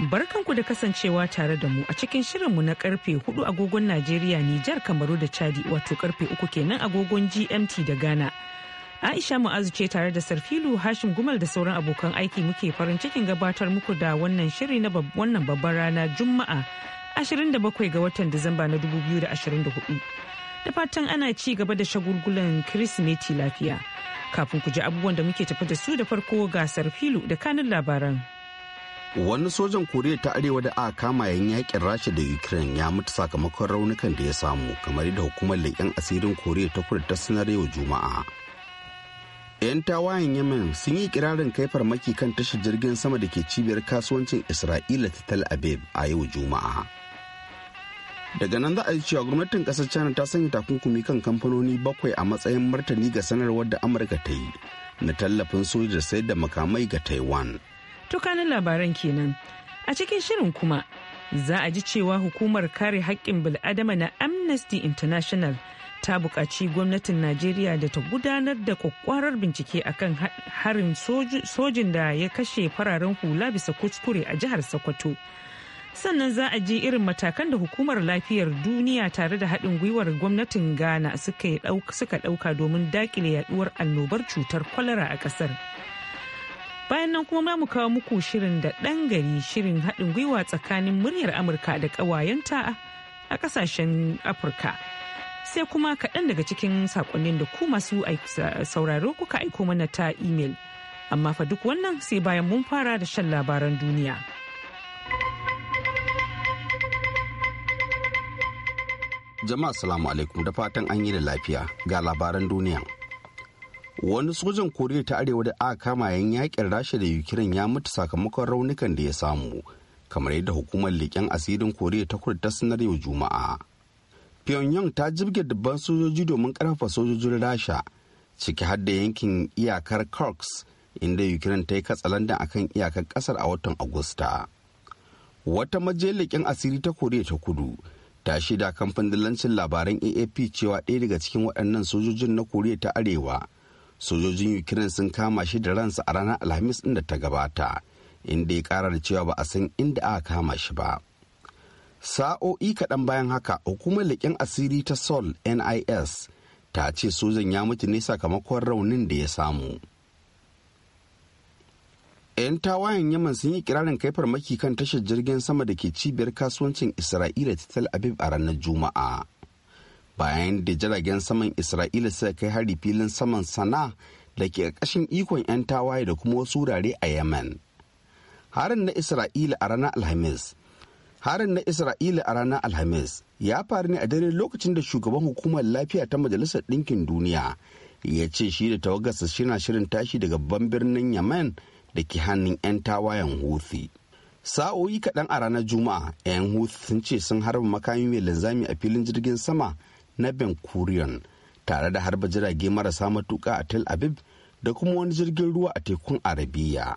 Barkanku da kasancewa tare da mu a cikin shirinmu na karfe 4 agogon Najeriya, Nijar, Kamaru da Chadi wato karfe 3 kenan agogon GMT da Ghana. Aisha Mu'azu ce tare da Sarfilu Hashim Gumal da sauran abokan aiki muke farin cikin gabatar muku da wannan shiri na wannan babban rana Juma'a 27 ga watan Disamba na 2024. Da fatan ana ci gaba da shagulgulan Kirsimeti lafiya. Kafin ku ji abubuwan da muke tafi da su da farko ga Sarfilu da kanin labaran. wani sojan koriya ta arewa da aka kama yayin yakin rasha da ukraine ya mutu sakamakon raunukan da ya samu kamar yadda hukumar leƙen asirin koriya ta kudu ta sanar yau juma'a 'yan tawayen yemen sun yi kirarin kai farmaki kan tashar jirgin sama da ke cibiyar kasuwancin isra'ila ta tel aviv a yau juma'a daga nan za a yi cewa gwamnatin kasar china ta sanya takunkumi kan kamfanoni bakwai a matsayin martani ga sanarwar da amurka ta yi na tallafin soja da sayar da makamai ga taiwan tukanin labaran kenan a cikin shirin kuma za a ji cewa hukumar kare haƙƙin bil'adama na amnesty international ta buƙaci gwamnatin najeriya da ta gudanar da kwakwarar bincike a kan harin sojin da ya kashe fararen hula bisa kuskure a jihar sokoto sannan za a ji irin matakan da hukumar lafiyar duniya tare da haɗin gwiwar gwamnatin ghana suka ɗauka domin daƙile yaɗuwar annobar cutar kwalara a ƙasar. bayan nan kuma mu kawo muku shirin da ɗan gari shirin haɗin gwiwa tsakanin muryar amurka da ƙawayenta a ƙasashen afirka sai kuma kaɗan daga cikin saƙonnin da ku masu sauraro kuka aiko mana ta imel amma fa duk wannan sai bayan mun fara da shan labaran duniya jama'a salamu alaikum da fatan an yi da lafiya ga labaran duniya wani sojan koriya ta arewa da aka kama yan yakin rasha da ukraine ya mutu sakamakon raunukan da ya samu kamar yadda hukumar leƙen asirin koriya ta kudu ta sanar yau juma'a pyongyang ta jibge dubban sojoji domin karfafa sojojin rasha ciki har da yankin iyakar kirks inda ukraine ta yi katsalandan akan iyakar kasar a watan agusta wata majiyar leƙen asiri ta koriya ta kudu ta shida kamfanin labaran aap cewa ɗaya daga cikin waɗannan sojojin na koriya ta arewa sojojin ukraine sun kama shi da ransa a ranar alhamis inda da ta gabata inda ya kara da cewa ba a san inda aka kama shi ba sa'o'i kaɗan bayan haka hukumar leƙen asiri ta sol nis ta ce sojan ya mutu ne sakamakon raunin da ya samu 'yan tawayen yaman sun yi kirarin kai farmaki kan tashar jirgin sama da ke cibiyar kasuwancin isra'ila ta tel aviv a ranar juma'a bayan da jiragen saman isra'ila suka kai hari filin saman sana da ke ƙarƙashin ikon 'yan tawaye da kuma wasu wurare a yemen harin na isra'ila a ranar alhamis harin na isra'ila a ranar alhamis ya faru ne a dare lokacin da shugaban hukumar lafiya ta majalisar ɗinkin duniya ya ce shi da tawagarsa shina shirin tashi daga babban birnin yemen da ke hannun 'yan tawayen huthi sa'o'i kaɗan a ranar juma'a 'yan huthi sun ce sun harba makami mai linzami a filin jirgin sama na ben kurion tare da harba jirage marasa matuka a tel aviv da kuma wani jirgin ruwa a tekun arabiya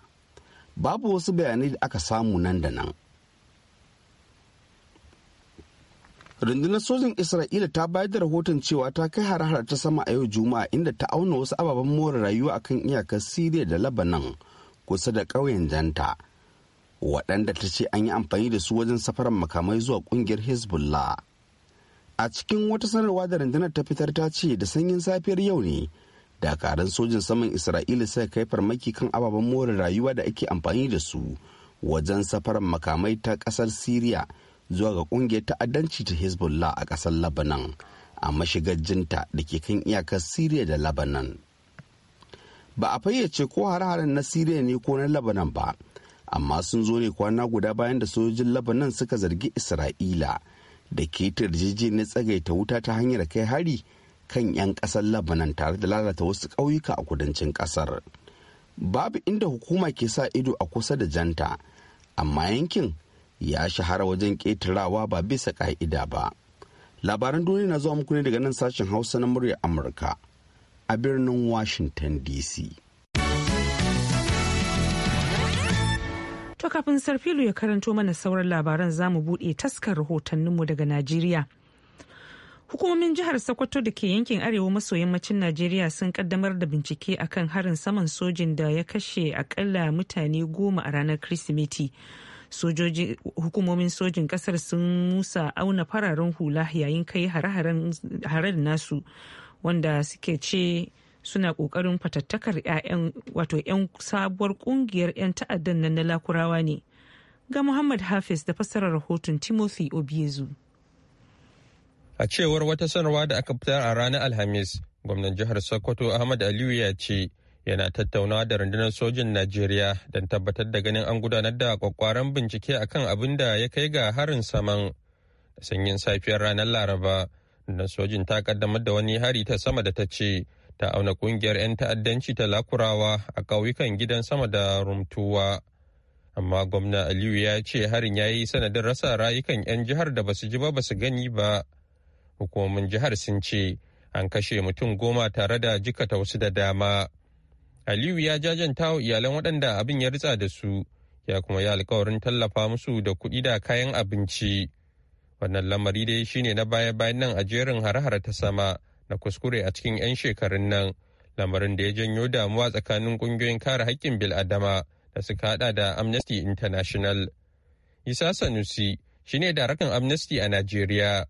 babu wasu bayanai da aka samu nan da nan rundunar sojin isra'ila ta bayar da rahoton cewa ta kai harahara ta sama a yau juma'a inda ta auna wasu ababen more rayuwa akan iyakar siriya da labanan kusa da ƙauyen janta waɗanda ta ce an yi amfani da su wajen safarar makamai zuwa ƙungiyar hezbollah a cikin wata sanarwa da rundunar ta fitar ta ce da sanyin safiyar yau ne dakarun sojin saman isra'ila suka kai farmaki kan ababen more rayuwa da ake amfani da su wajen safarar makamai ta kasar syria zuwa ga kungiyar ta'addanci ta hezbollah a kasar Labanan a mashigar jinta da ke kan iyakar syria da Labanan. ba a fayyace ko har-haren na syria ne ko na Labanan ba amma sun zo ne kwana guda bayan da sojin Labanan suka zargi isra'ila da ke na tsagaita wuta ta hanyar kai hari kan 'yan ƙasar labanan tare da lalata wasu ƙauyuka a kudancin ƙasar babu inda hukuma ke sa ido a kusa da janta amma yankin ya shahara wajen ƙetarawa ba bisa ƙa'ida ba labaran duniya na zuwa muku ne daga nan sashen hausa na muryar amurka a birnin washington dc kafin Sarfilu ya karanto mana sauran labaran za mu buɗe taskar rahotanninmu daga Najeriya. Hukumomin jihar Sokoto da ke yankin arewa maso yammacin Najeriya sun kaddamar da bincike akan harin saman sojin da ya kashe akalla mutane goma a ranar Kirsimeti. sojoji hukumomin sojin kasar sun musa auna fararen hula yayin kai hare-haren nasu wanda suke ce suna kokarin fatattakar 'ya'yan wato 'yan sabuwar kungiyar 'yan ta'addan nan na lakurawa ne ga muhammad hafiz da fassarar rahoton timothy obiezu a cewar wata sanarwa da aka fitar a ranar alhamis gwamnan jihar sokoto ahmad aliyu ya ce yana tattaunawa da rundunar sojin najeriya don tabbatar da ganin an gudanar da kwakwaran bincike akan abin da ya kai ga harin saman sanyin safiyar ranar laraba rundunar sojin ta kaddamar da wani hari ta sama da ta ce ta auna kungiyar 'yan ta'addanci ta lakurawa a ƙauyukan gidan sama da rumtuwa amma gwamna aliyu ya ce harin ya yi sanadin rasa rayukan 'yan jihar da basu ji ba basu gani ba hukumomin jihar sun ce an kashe mutum goma tare da jikata wasu da dama aliyu ya jajanta wa iyalan waɗanda abin ya ritsa da su ya kuma yi alkawarin tallafa musu da kuɗi da kayan abinci wannan lamari dai shine na baya bayan nan a jerin hare-hare ta sama Na kuskure a cikin 'yan shekarun nan lamarin da ya janyo damuwa tsakanin kungiyoyin kare haƙƙin bil'adama da suka hada da amnesty international isa sanusi shine daraktan amnesty a najeriya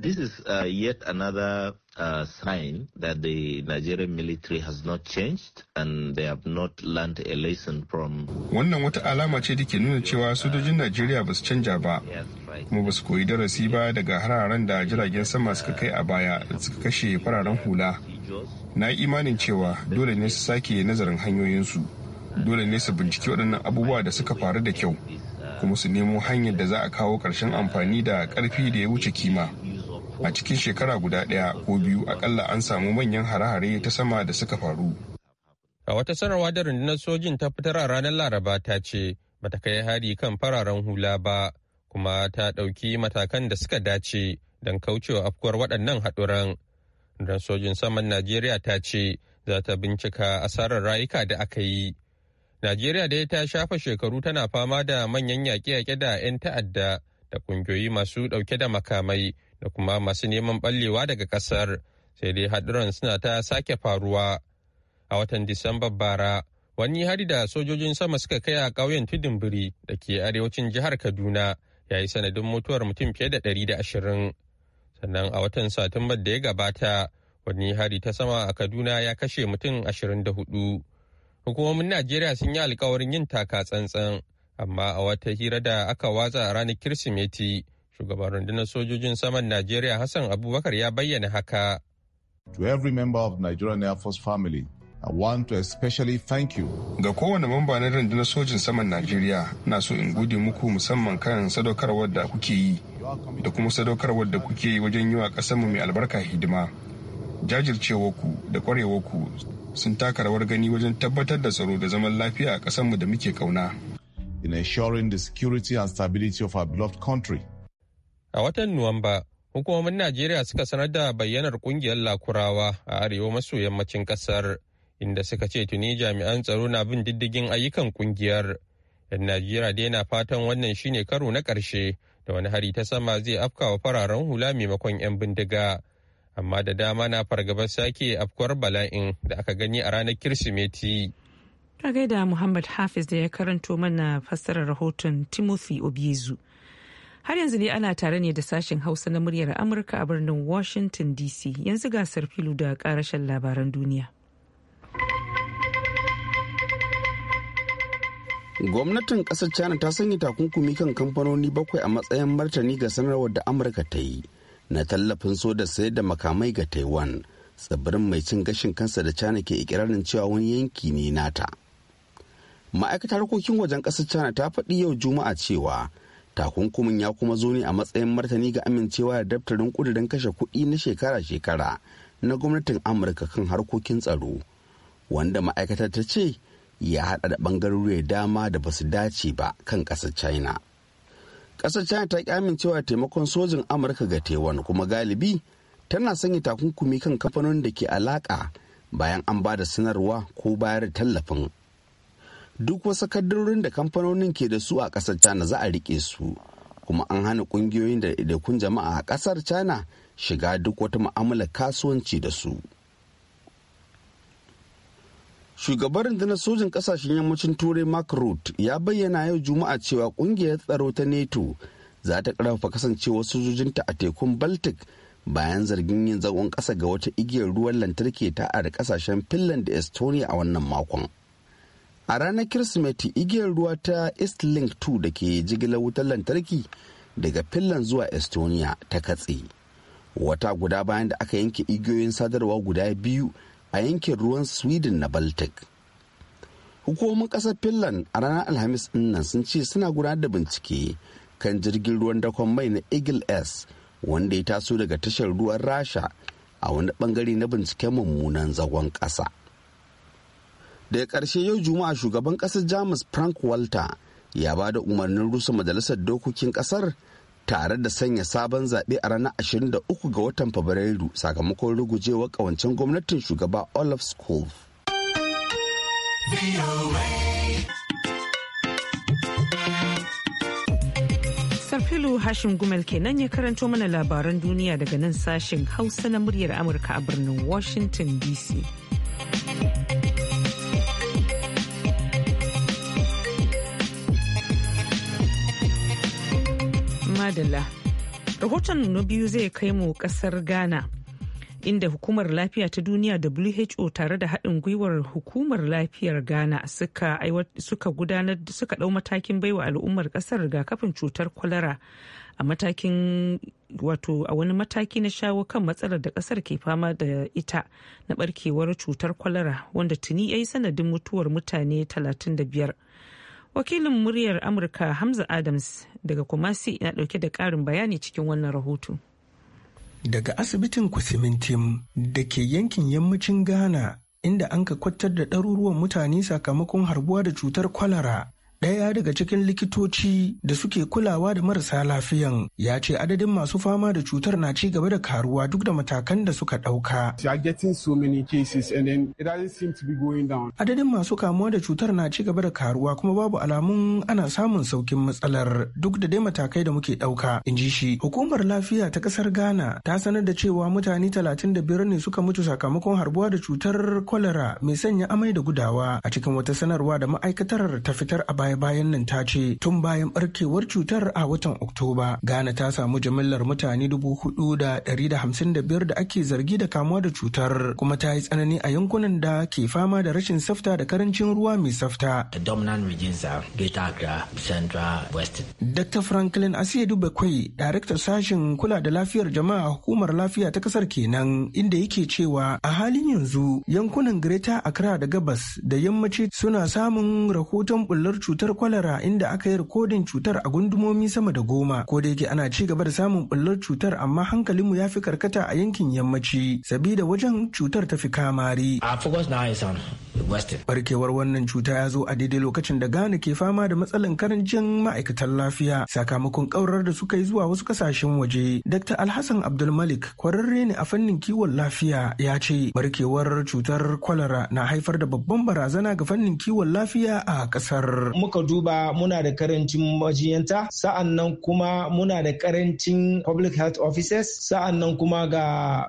This is uh, yet another uh, sign that the Nigerian military has not changed and they have not learned a lesson from. Wannan wata alama ce da ke nuna cewa sojojin Najeriya ba su canja ba, kuma ba su koyi darasi ba daga hararen da jiragen sama suka kai a baya da suka kashe fararen hula. Na yi imanin cewa dole ne su sake nazarin hanyoyinsu, dole ne su binciki waɗannan abubuwa da suka faru da kyau, kuma su nemo hanyar da za a kawo ƙarshen amfani da ƙarfi da ya wuce kima. a cikin shekara guda ɗaya ko biyu akalla an samu manyan hare-hare ta sama da suka faru. A wata sanarwa da rundunar sojin ta fitar a ranar Laraba ta ce bata kai hari kan fararen hula ba kuma ta ɗauki matakan da suka dace don kaucewa afkuwar waɗannan haɗuran. Rundunar sojin saman Najeriya ta ce za ta bincika asarar rayuka da aka yi. Najeriya dai ta shafa shekaru tana fama da manyan yaƙe-yaƙe da 'yan ta'adda da ƙungiyoyi masu ɗauke da makamai da kuma masu neman ɓallewa daga ƙasar sai dai haɗuran suna ta sake faruwa a watan disamba bara wani hari da sojojin sama suka kai a ƙauyen tudun biri da ke arewacin jihar kaduna ya yi sanadin mutuwar mutum fiye da ɗari da ashirin sannan a watan satumbar da ya gabata wani hari ta sama a kaduna ya kashe mutum ashirin da hudu hukumomin najeriya sun yi alkawarin yin taka tsantsan amma a wata hira da aka watsa ranar kirsimeti Shugaban rundunar sojojin saman Najeriya Hassan Abubakar ya bayyana haka. To every member of Nigerian Air Force family, I want to especially thank you. Ga kowane mamba na rundunar sojin saman Najeriya, na so in gode muku musamman kan sadaukarwar da kuke yi da kuma sadaukarwar da kuke yi wajen yi wa ƙasarmu mai albarka hidima. Jajircewarku da ƙwarewarku sun taka rawar gani wajen tabbatar da tsaro da zaman lafiya a ƙasarmu da muke ƙauna. In ensuring the security and stability of our beloved country. A watan Nuwamba, hukumomin Najeriya suka sanar da bayyanar kungiyar Lakurawa a arewa maso yammacin kasar, inda suka ce tuni jami'an tsaro na bin diddigin ayyukan kungiyar. Yan Najeriya dai na fatan wannan shine karo na karshe da wani hari ta sama zai afkawa fararen hula maimakon 'yan bindiga. Amma da dama na fargabar sake afkuwar bala'in da aka gani a ranar Kirsimeti. Ka gaida Muhammad Hafiz da ya karanto mana fassarar rahoton Timothy Obiezu. Har yanzu ne ana tare ne da sashen Hausa na muryar Amurka a birnin Washington DC yanzu gasar filu da karashen labaran duniya. Gwamnatin ƙasar China ta sanya takunkumi kan kamfanoni bakwai a matsayin martani ga sanarwar da Amurka ta yi na tallafin so da sayar da makamai ga Taiwan tsibirin mai cin gashin kansa da China ke ikirarin cewa wani yanki ne nata. Ma'aikatar harkokin wajen ƙasar China ta faɗi yau Juma'a cewa takunkumin ya kuma zo ne a matsayin martani ga amincewa da daftarin kudirin kashe kuɗi na shekara-shekara na gwamnatin amurka kan harkokin tsaro wanda ma'aikatar ta ce ya haɗa da ɓangarori dama da ba su dace ba kan ƙasar china ƙasar china ta ƙi amincewa taimakon sojin amurka ga taiwan kuma galibi tana sanya takunkumi kan kamfanonin da ke alaƙa bayan an ba da sanarwa ko bayar da tallafin duk wasu kaddarorin da kamfanonin ke da su a ƙasar china za a rike su kuma an hana ƙungiyoyin da ɗaiɗaikun jama'a a ƙasar china shiga duk wata mu'amalar kasuwanci da su shugaban rundunar sojin ƙasashen yammacin turai mark root ya bayyana yau juma'a cewa ƙungiyar tsaro ta neto za ta ƙarfafa kasancewar sojojinta a tekun baltic bayan zargin yin zagon ƙasa ga wata igiyar ruwan lantarki ta a da ƙasashen finland da estonia a wannan makon. a ranar kirsimeti igiyar ruwa ta east link 2 da ke jigilar wutar lantarki daga finland zuwa estonia ta katse wata guda bayan da aka yanke igiyoyin sadarwa guda biyu a yankin ruwan sweden na baltic hukumomin kasar finland a ranar alhamis nan sun ce suna gudanar da bincike kan jirgin ruwan dakon mai na eagle s wanda ya taso daga tashar ruwan rasha a wani bangare na binciken mummunan zagon kasa. daga ƙarshe yau juma'a shugaban ƙasar jamus frank walter ya ba da umarnin rusa majalisar dokokin ƙasar tare da sanya sabon zaɓe a ranar 23 ga watan fabrairu sakamakon rugujewar ƙawancen gwamnatin shugaba olaf scholz Sarfilu Hashim Gumel kenan ya karanto mana labaran duniya daga nan sashen Hausa na muryar Amurka a birnin Washington DC. madalla rahoton na biyu zai kai mu kasar ghana inda hukumar lafiya ta duniya who tare da haɗin gwiwar hukumar lafiyar ghana suka gudanar suka ɗau matakin baiwa al'ummar ƙasar rigakafin cutar kwalara a matakin wato a wani mataki na shawo kan matsalar da ƙasar ke fama da ita na barkewar cutar kwalara wanda tuni ya yi sanadin mutuwar mutane 35 wakilin muryar amurka hamza adams daga kumasi na dauke da karin bayani cikin wannan rahoto daga asibitin kusimintim da ke yankin yammacin ghana inda an ka kwatar da ɗaruruwan mutane sakamakon harbuwa da cutar kwalara Ɗaya daga cikin likitoci da suke kulawa da marasa lafiyan ya ce adadin masu fama da cutar na ci gaba da karuwa duk da matakan da suka ɗauka. Adadin masu kamuwa da cutar na ci gaba da karuwa kuma babu alamun ana samun saukin matsalar duk da dai matakai da muke ɗauka, in ji shi. Hukumar lafiya ta ƙasar Ghana ta sanar da cewa mutane talatin da biyar ne suka mutu sakamakon harbuwa da cutar kwalara mai sanya amai da gudawa a cikin wata sanarwa da ma'aikatar ta fitar a baya. baya-bayan nan ta ce tun bayan barkewar cutar a watan Oktoba, Ghana ta samu jimillar mutane dubu hudu da ɗari da hamsin da biyar da ake zargi da kamuwa da cutar kuma ta yi tsanani a yankunan da ke fama da rashin safta da karancin ruwa mai safta. Dr. Franklin Asiedu Bakwai, Daraktar Sashen Kula da Lafiyar Jama'a Hukumar Lafiya ta Kasar kenan, inda yake cewa a halin yanzu yankunan Greta Accra da Gabas da Yammaci suna samun rahoton bullar cutar cutar kwalara inda aka yi rikodin cutar a gundumomi sama da goma ko da yake ana ci gaba da samun bullar cutar amma mu ya fi karkata a yankin yammaci sabida wajen cutar ta fi kamari. Barkewar wannan cuta ya zo a daidai lokacin da Ghana ke fama da matsalan karancin ma'aikatan lafiya sakamakon kaurar da suka yi zuwa wasu kasashen waje. Dr. Alhassan Abdulmalik kwararre ne a fannin kiwon lafiya ya ce barkewar cutar kwalara na haifar da babban barazana ga fannin kiwon lafiya a kasar. muka duba muna da karancin majiyanta sa'an nan kuma muna da karancin public health offices sa'an nan kuma ga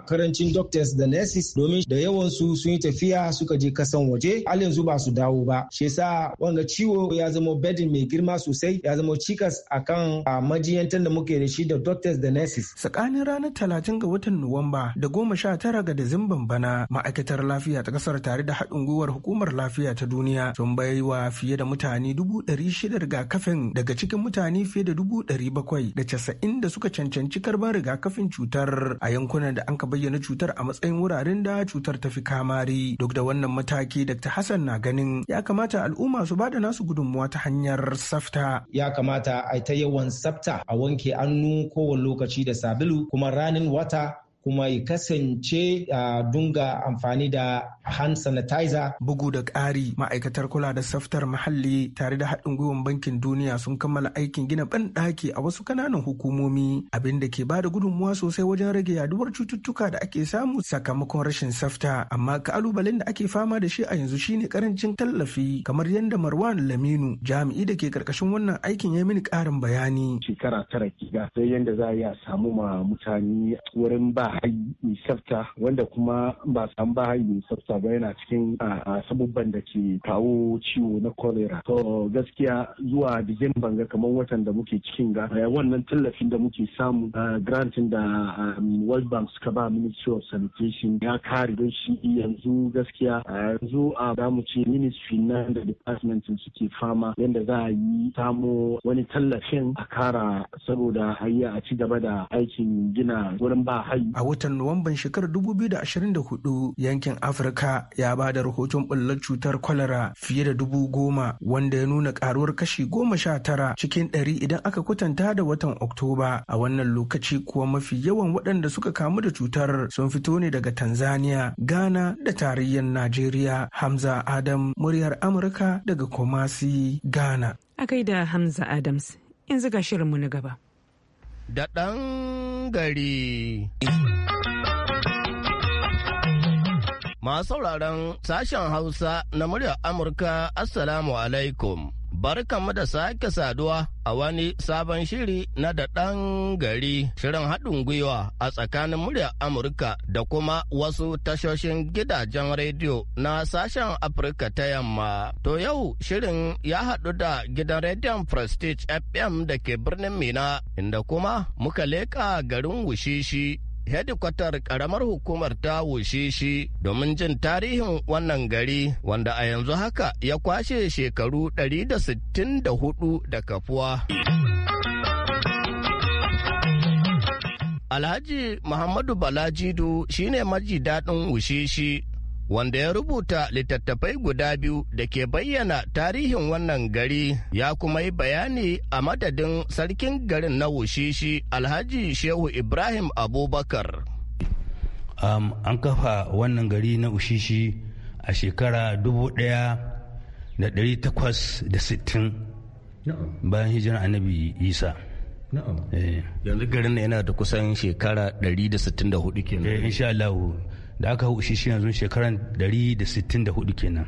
karancin doctors da nurses domin da yawan su sun yi tafiya suka je kasan waje al yanzu ba su dawo ba shi yasa wanga ciwo ya zama bedin mai girma sosai ya zama cikas akan majiyantan da muke da shi da doctors da nurses tsakanin ranar talatin ga watan nuwamba da goma sha tara ga dizimban bana ma'aikatar lafiya ta kasar tare da haɗin gwiwar hukumar lafiya ta duniya sun bai wa fiye da mutane dubu ɗari shida rigakafin daga cikin mutane fiye da dubu ɗari bakwai da casa'in da suka cancanci karban rigakafin cutar a yankunan da an ka bayyana cutar a matsayin wuraren da cutar ta fi kamari. Duk da wannan mataki Dr. Hassan na ganin ya kamata al'umma su bada nasu gudunmuwa ta hanyar safta. Ya kamata a ta yawan safta a wanke hannu kowane lokaci da sabulu kuma ranin wata kuma ya kasance a dunga amfani da hand sanitizer. Bugu da ƙari ma'aikatar kula da tsaftar muhalli tare da haɗin gwiwan bankin duniya sun kammala aikin gina banɗaki a wasu kananan hukumomi abin da ke ba da gudunmuwa sosai wajen rage yaduwar cututtuka da ake samu sakamakon rashin tsafta. amma kalubalen da ake fama da shi a yanzu shine karancin tallafi kamar yadda Marwan Laminu jami'i da ke karkashin wannan aikin ya mini ƙarin bayani. Shekara tara kiga sai yadda za a samu ma mutane wurin ba bahayi mai tsafta wanda kuma ba samu bahayi mai tsafta ba yana cikin sabubban da ke kawo ciwo na cholera to gaskiya zuwa disamban banga kamar watan da muke cikin ga eh, wannan tallafin da muke samu eh, grantin da world bank suka ba ministry of sanitation ya kare don shi yanzu gaskiya yanzu a damu ce ministry na da department suke fama yadda za a yi samo wani tallafin a kara saboda yi a ci gaba da aikin gina wurin ba hayi watan Nuwamban shekarar 2024 yankin Afirka ya ba da rahoton ɓullar cutar kwalara fiye da dubu goma wanda ya nuna karuwar kashi goma sha tara cikin ɗari idan aka kwatanta da watan Oktoba. A wannan lokaci kuwa mafi yawan waɗanda suka kamu da cutar sun fito ne daga Tanzania, Ghana da tarayyar Najeriya. Hamza Adam muryar Amurka daga Kumasi, Ghana. A da Hamza Adams, yanzu ga shirinmu na gaba. da ɗan gari. Masu sauraron sashen Hausa na muryar Amurka, Assalamu alaikum. kama da sake saduwa a wani sabon shiri na daɗan gari shirin haɗin gwiwa a tsakanin muryar amurka da kuma wasu tashoshin gidajen rediyo na sashen afirka ta yamma to yau shirin ya haɗu da gidan rediyon prestige fm da ke birnin mina inda kuma muka leƙa garin wushishi hedikwatar karamar hukumar ta wushe shi domin jin tarihin wannan gari wanda a yanzu haka ya kwashe shekaru 164 da kafuwa. Alhaji Muhammadu Balajidu shine maji daɗin shi. wanda ya rubuta littattafai guda biyu da ke bayyana tarihin wannan gari ya kuma yi bayani a madadin sarkin garin na wushishi alhaji shehu ibrahim abubakar um, an kafa wannan gari na ushishi a shekara 1860 bayan hijirar annabi isa eh. yanzu garin yana da kusan shekara 164 kenan eh, insha Allah da aka hau shi yanzu shekaran 164 kenan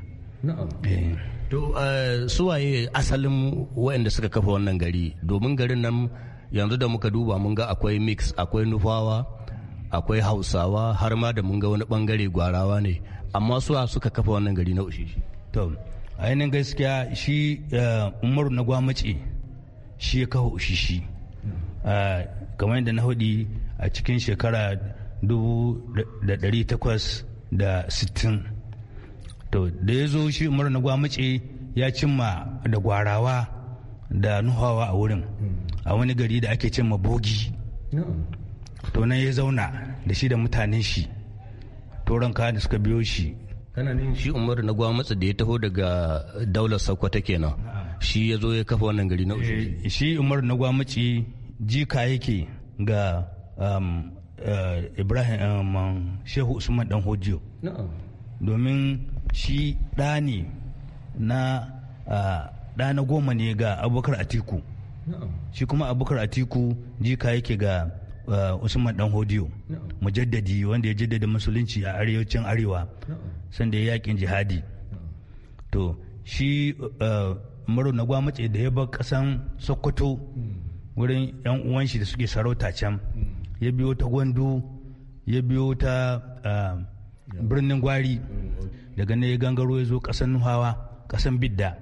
eh. to eh, suwaye asalin waɗanda suka kafa wannan gari domin garin nan yanzu da muka duba mun ga akwai mix akwai nufawa akwai hausawa har ma da mun ga wani bangare gwarawa ne amma suwa suka kafa wannan gari na ushishi to ainihin gaskiya shi eh, umaru na gwamace shi ya kafa ushishi mm. kamar yadda na hudi a cikin shekara 1860 to da ya zo shi umar na gwamnati ya cimma da gwarawa da nuhawa a wurin a wani gari da ake cimma bogi to nan ya zauna da shi da mutanen shi toron kayan da suka biyo shi kana ne shi umar na gwamnati da ya taho daga daular sakwata kenan shi ya zo ya kafa wannan gari na eh, shi umar na gwamnati jika yake ga um, Eh, ibrahim eh, shehu usman dan hojiyo domin shi ɗa ne na ah, ɗa goma ne ga abubakar atiku shi kuma abubakar atiku jika yake ga eh, usman dan hodiyo mujaddadi wanda ya jaddada musulunci a arewacin arewa sanda ya yakin jihadi to shi maro na gwamnati da ya bar kasan sokoto hmm. wurin yan uwanshi da suke sarauta can hmm. ya biyo ta gwandu ya biyo ta ah, birnin gwari daga nan ya gangaro ya zo kasan nuhawa kasan bidda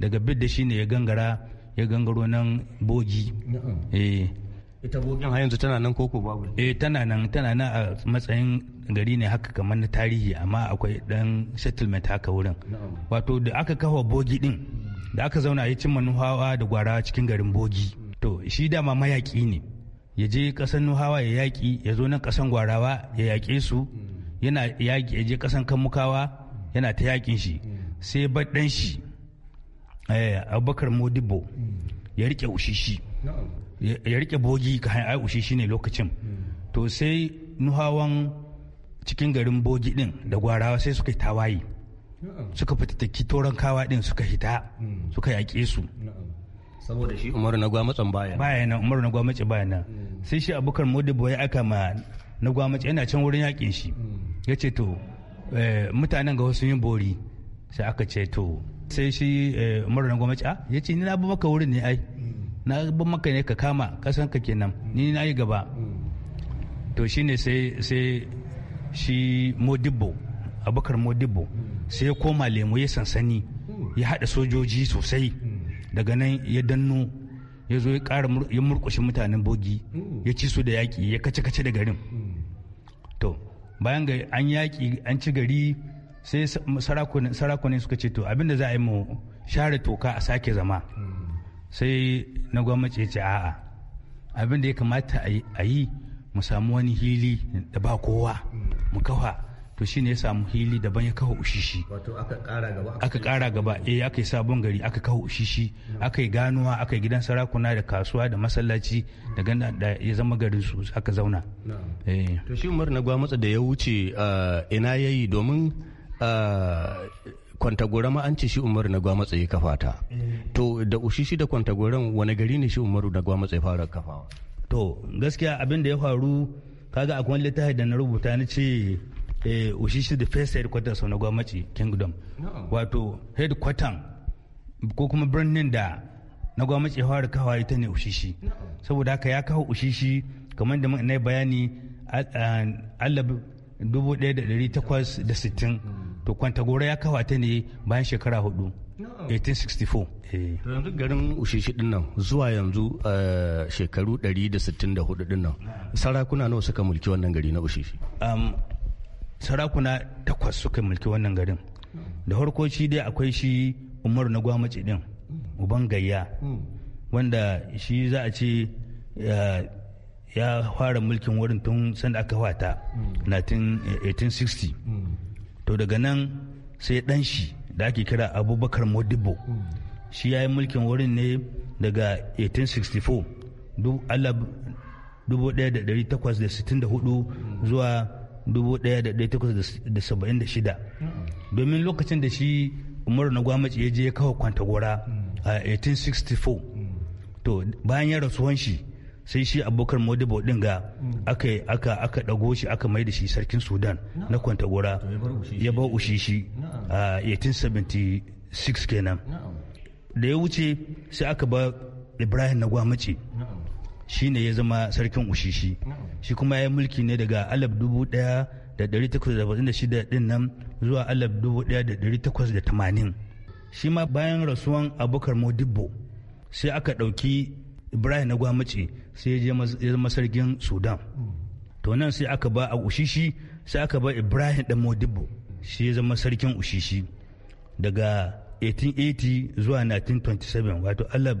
daga bidda shine ya gangara ya gangaro nan bogi eh. ita bogin har yanzu tana nan koko babu eh tana nan tana nan a matsayin gari ne haka kamar na tarihi amma akwai dan settlement haka wurin wato da aka kawo bogi din da aka zauna a yi cimma nuhawa da gwara cikin garin bogi to shi dama mayaki ne ya je kasan nuhawa ya yaƙi ya zo nan kasan gwarawa ya yaƙe su yana yaƙi ya je kasan kamukawa yana ta yaƙin shi sai baɗan shi eh, abubakar modibo ya rike ushishi ya rike bogi ka hanyar ai ushishi ne lokacin to sai nuhawan cikin garin bogi din da gwarawa sai suka yi tawaye suka fita fitattaki toron kawa din suka hita suka yaƙe su saboda shi umaru na gwamnatin baya baya nan umaru na gwamnati baya nan hmm. sai shi abubakar modibo ya aka ma na gwamnati yana can wurin yakin shi hmm. ya ce to eh, mutanen ga wasu yin bori sai aka ce to sai shi eh, umaru na gwamnati a ah, ya ce ni na maka wurin ne ai hmm. na ban maka ne ka kama kasan ka kenan ni na yi gaba to shine sai sai shi modibo abubakar modibo sai ya koma lemo ya sansani ya haɗa sojoji sosai daga nan ya danno ya zo ya ya murkushe mutanen bogi ya ci su da yaƙi ya kace-kace da garin to bayan ga an yaƙi an ci gari sai sarakunan suka ce to abinda za a yi mu share toka a sake zama sai na gwamnati ya ce a'a abinda ya kamata a yi mu samu wani hili da ba kowa mu kafa to shi ne ya samu hili daban ya kawo ushishi aka kara gaba e aka yi sabon gari aka kawo ushishi hmm. aka yi ganuwa aka yi gidan sarakuna da kasuwa da masallaci da ganda da ya zama garin su aka zauna eh. to shi umar na gwamnati da ya wuce eh, ina yayi domin kwantagora ma an ce shi umaru na gwamnati ya kafa ta to da ushishi da kwantagoran wani gari ne shi umaru na gwamnati ya fara kafawa to gaskiya abin da ya faru kaga akwai littafi da na rubuta ni ce Eh, shi shi the first headquarters na gwamnati kingdom wato headquarter ko kuma birnin da na gwamnati ya fara kawo ita ne ushishi saboda haka ya kawo ushishi kamar da na bayani allab 1860 hmm. to kwantagora ya kawo ta ne bayan shekara hudu 1864 eh. yanzu garin ushishi din nan zuwa yanzu eh, shekaru 164 din nan sarakuna nawa suka mulki wannan gari na ushishi sarakuna takwas suka mulki wannan garin da farko shi dai akwai shi umaru na gwamnati din uban gayya wanda shi za a ce eh, ya fara mulkin wurin tun sanda aka wata 1860 to daga nan sai dan shi da ake kira abubakar modibo shi ya yi mulkin wurin ne daga 1864 1864 zuwa 1876 domin lokacin da shi umaru na gwamnati ya je kawo gora a 1864 to bayan ya rasuwan shi sai shi abokan modibo din ga aka aka aka dago shi aka mai da shi sarkin sudan na gora ya bar ushishi a 1876 kenan da ya wuce sai aka ba ibrahim na gwamnati shi ne ya zama sarkin ushishi shi kuma ya yi mulki ne daga alab dubu daya da dari takwas da da shida din nan zuwa alab dubu daya da dari takwas da tamanin shi ma bayan rasuwan abokar modibbo sai aka ɗauki ibrahim na gwamnati sai ya zama sarkin sudan to nan sai aka ba a ushishi sai aka ba ibrahim da modibbo shi ya zama sarkin ushishi daga 1880 zuwa 1927 wato alab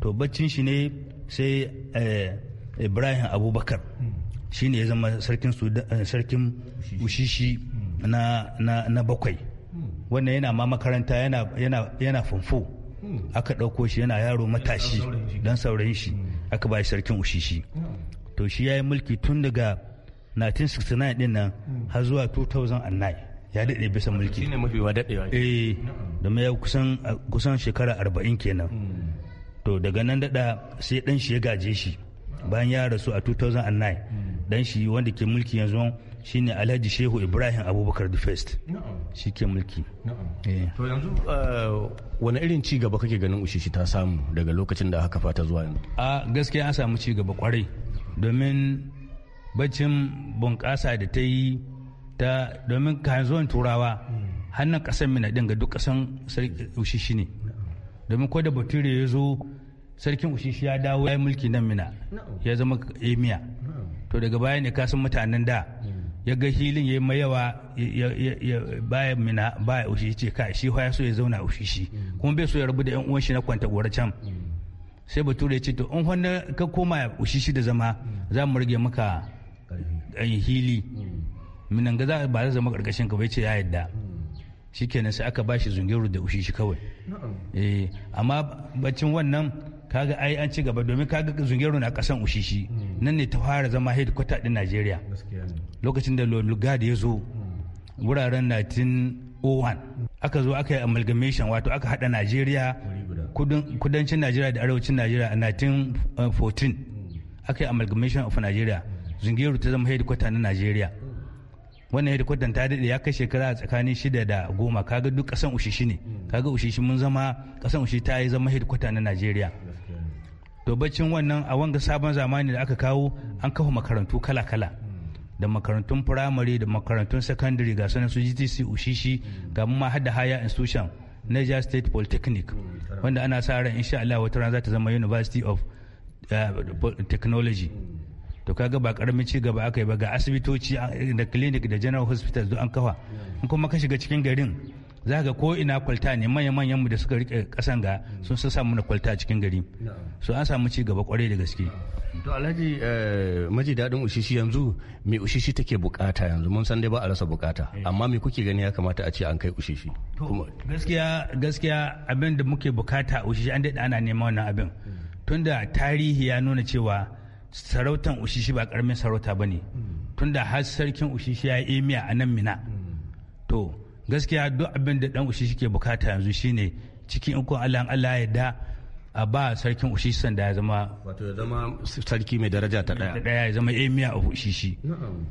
to baccin shi ne sai eh, ibrahim abubakar shi ne ya zama sarkin eh, ushishi na bakwai wannan yana ma makaranta yana famfo aka ɗauko shi yana yaro matashi don saurayin shi aka bai sarkin ushishi to shi ya yi mulki tun daga 1969 din nan har zuwa 2009 ya daɗe bisa mulki eh domin ya kusan shekara 40 kenan to daga nan dada sai dan shi ya gaje shi bayan ya rasu a 2009 dan shi wanda ke mulki yanzu shine alhaji shehu ibrahim abubakar the first shi ke mulki eh. to yanzu eh, wani irin ci gaba kake ganin ushishi ta samu daga lokacin da aka fata zuwa yanzu a gaskiya an samu ci gaba kwarai domin baccin bunƙasa da ta yi ta domin kayan zuwan turawa hannun ƙasar mina dinga duk ƙasan ushishi ne domin ko da ya zo sarkin ushishi ya dawo ya yi mulki nan mina ya zama emiya eh, to daga baya ne kasan mutanen da ya ga hilin ya yi mai yawa baya mina baya ushishi ce kai shi ya so ya zauna ushishi kuma bai so ya rabu da yan uwan shi na kwanta gora can sai bature ya ce to in wanda ka koma ushishi da zama za mu rage maka hili minan ga za ba zama karkashin ka bai ce ya yadda shikenan sai aka shi zungiru da ushishi kawai eh, amma baccin wannan kaga ai an ci gaba domin kaga zungero na kasan ushishi hmm. nan ne ta fara zama headquarter din Najeriya lokacin da Lugard ya zo hmm. wuraren 1901 aka zo aka yi amalgamation wato aka hada Najeriya kudancin Najeriya da arewacin Najeriya a 1914 hmm. aka yi amalgamation of Najeriya zungero ta zama headquarter na Najeriya wannan headquarter ta daɗe ya kai shekara tsakanin shida da goma kaga duk kasan ushishi ne kaga ushishi mun zama kasan ushishi ta yi zama headquarter na Najeriya to baccin wannan a wanga sabon zamani da aka kawo an kafa makarantu kala-kala da makarantun firamare da makarantun sakandare ga sanar su gtc ushishi ga ma hada haya institution niger state polytechnic wanda ana sa ran insha Allah wata ran za ta zama university of eh, technology to kaga ba karamin ci gaba aka yi ba ga asibitoci da clinic da general hospital duk an kafa in kuma ka shiga cikin garin za ga ko ina kwalta ne manya manyan mu da suka rike kasan ga sun sun samu na kwalta cikin gari so an samu ci gaba kwarai da gaske to alhaji eh, maji dadin ushishi yanzu me ushishi take bukata yanzu mun san dai ba a rasa bukata eh. amma me kuke gani ya kamata a ce an kai ushishi gaskiya gaskiya abin da muke bukata ushishi an daɗa ana neman wannan abin hmm. tunda tarihi ya nuna cewa sarautan ushishi ba karamin sarauta ba ne hmm. tunda har sarkin ushishi ya yi miya a nan mina hmm. to gaskiya duk abin da dan ushi shike bukata yanzu shine cikin kun Allah Allah ya da a ba sarkin san da ya zama wato ya zama sarki mai daraja ta daya daya ya zama emiya a ushishi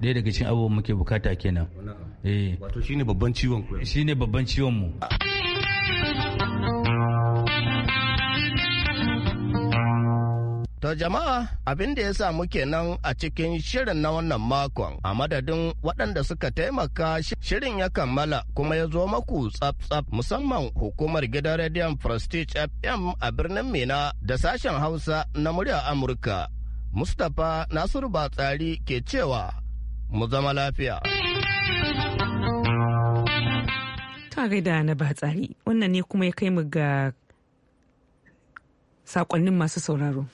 dai daga cikin abubuwan muke bukata kenan eh wato shine babban ciwon ku shine babban ciwon mu To jama'a abin da ya samu kenan a cikin shirin na wannan makon a madadin waɗanda suka taimaka shirin ya kammala kuma ya zo maku tsaf-tsaf musamman hukumar gidan rediyon Prestige FM a birnin Mina da sashen Hausa na murya Amurka. Mustapha Nasiru Batsari ke cewa mu zama lafiya. Ta gaida na Batsari wannan ne kuma ya kai mu ga saƙonnin masu sauraro.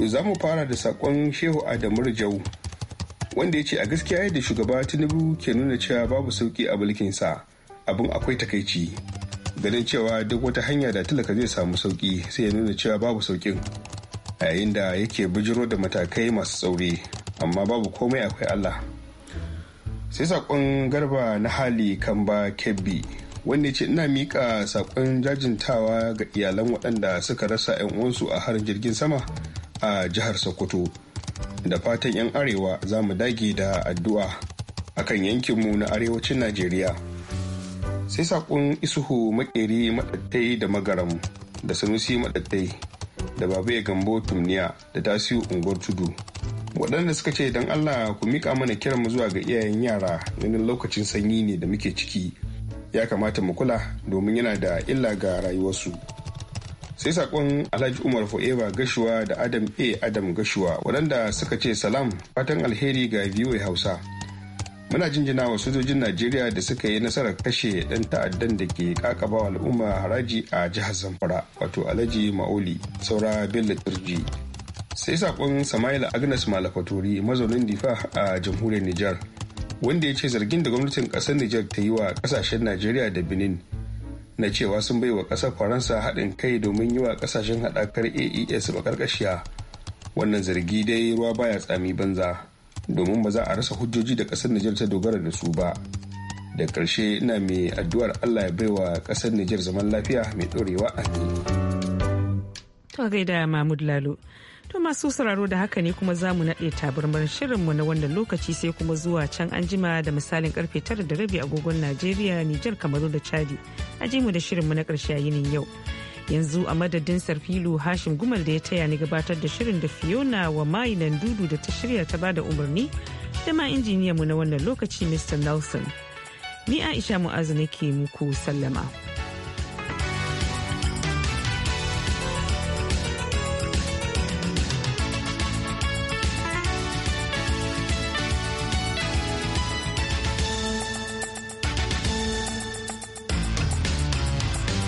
To za mu fara da sakon Shehu Adamu Rajau wanda ya ce a gaskiya yadda shugaba Tinubu ke nuna cewa babu sauki a mulkinsa abin akwai takaici. Ganin cewa duk wata hanya da talaka zai samu sauki sai ya nuna cewa babu saukin. yayin da yake bijiro da matakai masu tsauri amma babu komai akwai Allah. Sai sakon garba na hali kamba kebbi wanda ya ce ina miƙa sakon jajintawa ga iyalan waɗanda suka rasa 'yan uwansu a harin jirgin sama a jihar Sokoto. Da fatan 'yan Arewa za mu dage da addu'a a kan yankinmu na arewacin Najeriya. Sai saƙon isuhu makeri matattai da magaram da sanusi maɗattai da babu ya gambo tumniya da tasiu unguwar tudu. waɗanda suka ce don Allah ku miƙa mana kiranmu zuwa ga iyayen yara ganin lokacin sanyi ne da muke ciki ya kamata mu kula domin yana da illa ga rayuwarsu sai sakon alhaji umar fo'eva gashuwa da adam a adam gashuwa waɗanda suka ce salam fatan alheri ga biyu hausa muna jinjina wa sojojin najeriya da suka yi nasarar kashe ɗan ta'addan da ke kakaba al'umma haraji a jihar zamfara wato alhaji ma'oli saura bello turji sai sakon samaila agnes malafatori mazaunin difa a jamhuriyar nijar wanda ya ce zargin da gwamnatin ƙasar nijar ta yi wa ƙasashen najeriya da benin na cewa sun bai wa ƙasar faransa haɗin kai domin yi wa ƙasashen haɗakar aes ƙarƙashiya wannan zargi dai ruwa baya tsami banza domin ba za a rasa hujjoji da ƙasar nijar ta dogara da su ba da ƙarshe ina mai addu'ar allah ya bai wa ƙasar nijar zaman lafiya mai ɗorewa a ne. to gaida mahmud lalo To masu sauraro da haka ne kuma zamu naɗe tabarmar mu na wannan lokaci sai kuma zuwa can anjima da misalin karfe tara da rabi agogon Najeriya, Nijar, Kamaru da Chadi. A mu da shirinmu na ƙarshe a yinin yau. Yanzu a madadin Sarfilu Hashim Gumal da ya taya ni gabatar da shirin da Fiona wa mayinan dudu da ta shirya ta bada umarni da ma mu na wannan lokaci Mr. Nelson. Ni Aisha Mu'azu nake muku sallama.